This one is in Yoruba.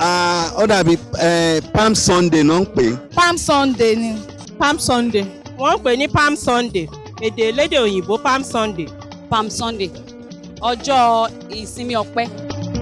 ó dàbí palm sunday náà ń pè. palm sunday ni. palm sunday. wọ́n ń pè ní palm sunday èdè elédè òyìnbó palm sunday. palm sunday ọjọ́ ìsinmi ọpẹ́.